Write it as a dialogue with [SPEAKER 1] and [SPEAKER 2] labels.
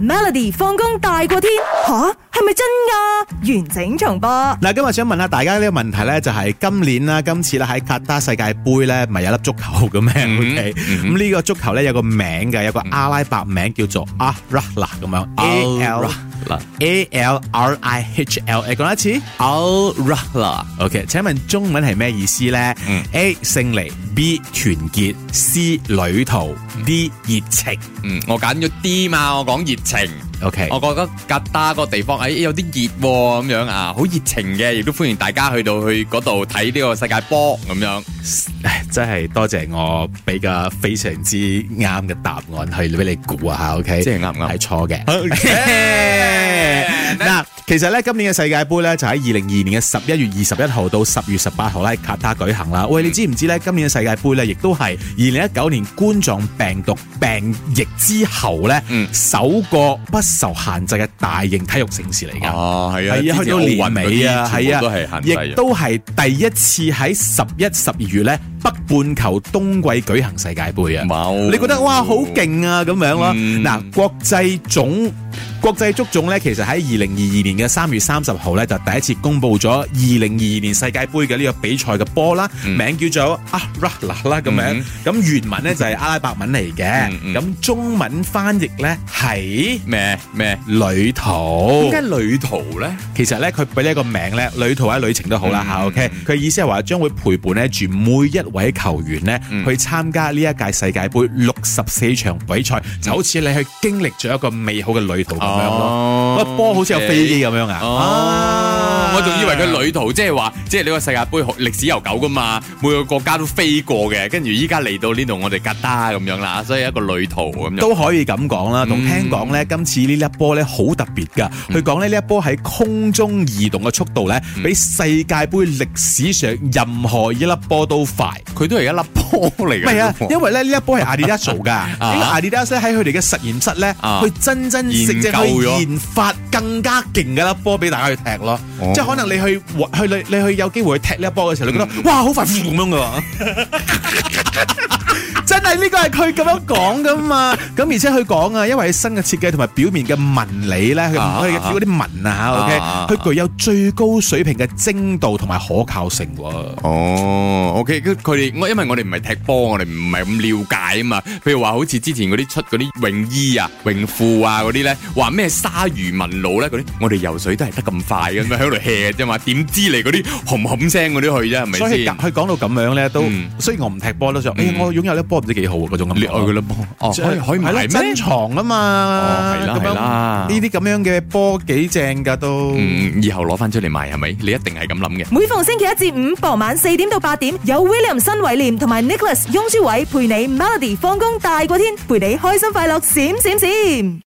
[SPEAKER 1] Melody 放工大過天吓，係咪真㗎？完整重播。嗱，今日想問下大家呢個問題咧，就係今年啦，今次咧喺卡塔世界杯咧，咪係有粒足球嘅咩？OK 咁呢個足球咧有個名嘅，有個阿拉伯名叫做 Al Rihla 咁樣。嗱，A L R I H L A，講多次，Al Rihla，OK，請問中文係咩意思咧？mm.A 勝利，B 團結，C 旅途，D 熱情。嗯，mm. 我揀咗 D 嘛，我講熱情。O K，我覺得吉達個地方誒有啲熱咁樣啊，好熱情嘅，亦都歡迎大家去到去嗰度睇呢個世界波咁樣。誒，真係多謝我俾個非常之啱嘅答案去俾你估下。O K，即係啱唔啱？係錯嘅。好，那。其實咧，今年嘅世界杯咧就喺二零二二年嘅十一月二十一號到十月十八號啦，卡塔爾舉行啦。嗯、喂，你知唔知呢？今年嘅世界杯咧，亦都係二零一九年冠狀病毒病疫之後呢，嗯、首個不受限制嘅大型體育城市嚟噶。哦，係啊，去到年尾啊，係啊，啊，亦都係第一次喺十一、十二月呢，北半球冬季舉行世界杯啊。嗯、你覺得哇，好勁啊，咁樣咯。嗱、嗯，國際總。國際足總咧，其實喺二零二二年嘅三月三十號咧，就第一次公布咗二零二二年世界杯嘅呢個比賽嘅波啦，嗯、名叫做阿拉拉啦咁樣，咁、嗯嗯、原文呢就係、是、阿拉伯文嚟嘅，咁、嗯嗯、中文翻譯呢係咩咩旅途？點解旅途呢？其實呢，佢俾呢個名呢，旅途或者旅程都好啦吓、嗯嗯啊、，OK，佢意思係話將會陪伴咧住每一位球員呢、嗯、去參加呢一屆世界杯六十四場比賽，就好似你去經歷咗一個美好嘅旅途。嗯哦，喂，波好似有飛機咁樣、哦、啊！我仲以為佢旅途，即係話，即係呢個世界杯歷史悠久噶嘛，每個國家都飛過嘅，跟住依家嚟到呢度，我哋 Qatar 咁樣啦，所以一個旅途咁樣都可以咁講啦。同聽講呢，嗯、今次呢粒波呢好特別噶，佢講呢呢一波喺空中移動嘅速度呢，比世界杯歷史上任何一粒波都快。佢都係一粒波嚟嘅，唔係啊，因為咧呢一波係 Adidas 做噶，呢 個 Adidas 咧喺佢哋嘅實驗室咧 去真真正正去研發更加勁嘅一粒波俾大家去踢咯，哦、即係可能你去去你你去，你去有機會去踢呢一波嘅時候，你覺得、嗯嗯、哇好快富咁 樣嘅，真係呢個係佢咁樣講嘅嘛。咁而且佢講啊，因為新嘅設計同埋表面嘅紋理咧，佢唔可以扯嗰啲紋啊，OK，佢具有最高水平嘅精度同埋可靠性喎。哦，OK，佢佢哋我因為我哋唔係踢波，我哋唔係咁瞭解啊嘛。譬如話好似之前嗰啲出嗰啲泳衣啊、泳褲啊嗰啲咧，話咩鯊魚紋路咧嗰啲，我哋游水都係得咁快嘅，咪喺度 hea 啫嘛。點知你嗰啲哄哄聲嗰啲去啫，係咪先？所以佢講到咁樣咧，都雖然我唔踢波都想，哎呀，我擁有粒波唔知幾好嗰種咁。你有嘅粒波，哦，可以可以。係真㗎嘛？係啦係啦，呢啲咁樣嘅波幾正噶都。嗯，以後攞翻出嚟賣係咪？你一定係咁諗嘅。每逢星期一至五傍晚四點到八點，有 William 新偉廉同埋 Nicholas 雍舒偉陪，陪你 Melody 放工大過天，陪你開心快樂閃閃閃。閃閃閃